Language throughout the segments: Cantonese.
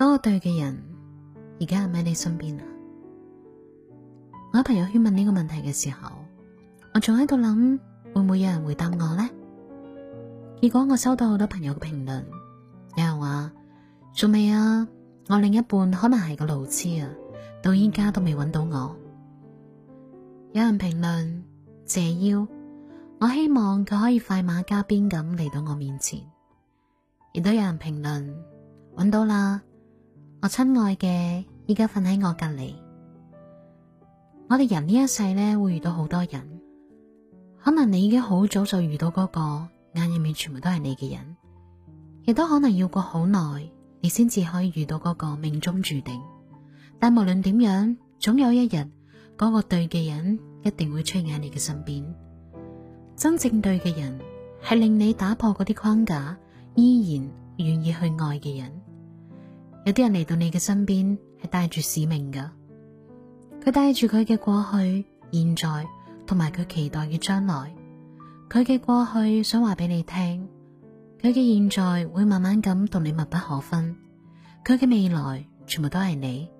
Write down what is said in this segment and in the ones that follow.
嗰個對嘅人而家係咪喺你身邊啊？我喺朋友圈問呢個問題嘅時候，我仲喺度諗，會唔會有人回答我呢？結果我收到好多朋友嘅評論，有人話仲未啊，我另一半可能係個路痴啊，到依家都未搵到我。有人評論謝邀，我希望佢可以快馬加鞭咁嚟到我面前。亦都有人評論搵到啦。我親愛嘅，依家瞓喺我隔籬。我哋人呢一世咧，會遇到好多人，可能你已經好早就遇到嗰個眼入面全部都係你嘅人，亦都可能要過好耐，你先至可以遇到嗰個命中注定。但無論點樣，總有一日嗰個對嘅人一定會出現喺你嘅身邊。真正對嘅人，係令你打破嗰啲框架，依然願意去愛嘅人。有啲人嚟到你嘅身邊係帶住使命㗎，佢帶住佢嘅過去、現在同埋佢期待嘅將來。佢嘅過去想話俾你聽，佢嘅現在會慢慢咁同你密不可分，佢嘅未來全部都係你。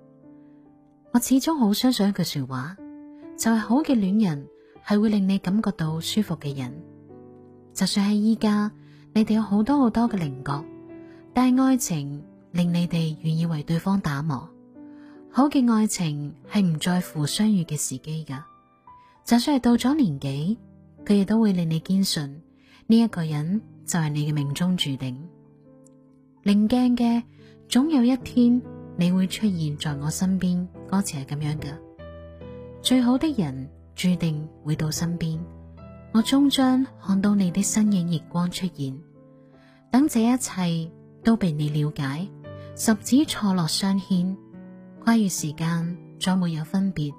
我始終好相信一句說話，就係、是、好嘅戀人係會令你感覺到舒服嘅人。就算係依家，你哋有好多好多嘅稜角，但係愛情。令你哋願意為對方打磨，好嘅愛情係唔在乎相遇嘅時機噶，就算係到咗年紀，佢亦都會令你堅信呢一、這個人就係你嘅命中注定。《寧靜》嘅總有一天你會出現在我身邊，歌詞係咁樣噶。最好的人注定會到身邊，我終將看到你的身影，逆光出現。等這一切都被你了解。十指錯落相牽，跨越時間再沒有分別，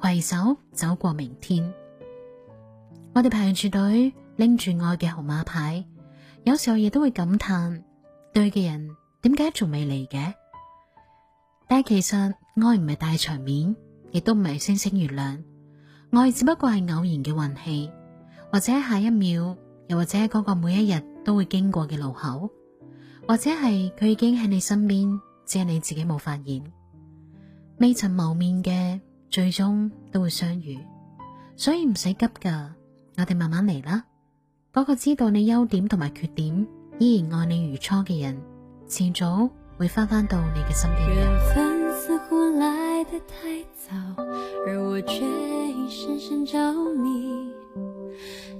携手走過明天。我哋排住隊拎住愛嘅號碼牌，有時候亦都會感嘆，對嘅人點解仲未嚟嘅？但係其實愛唔係大場面，亦都唔係星星月亮，愛只不過係偶然嘅運氣，或者下一秒，又或者嗰個每一日都會經過嘅路口。或者係佢已經喺你身邊，只係你自己冇發現。未曾謀面嘅，最終都會相遇，所以唔使急㗎，我哋慢慢嚟啦。嗰個，個知道你優點同埋缺點，依然愛你如初嘅人，遲早會返返到你嘅身邊。緣分似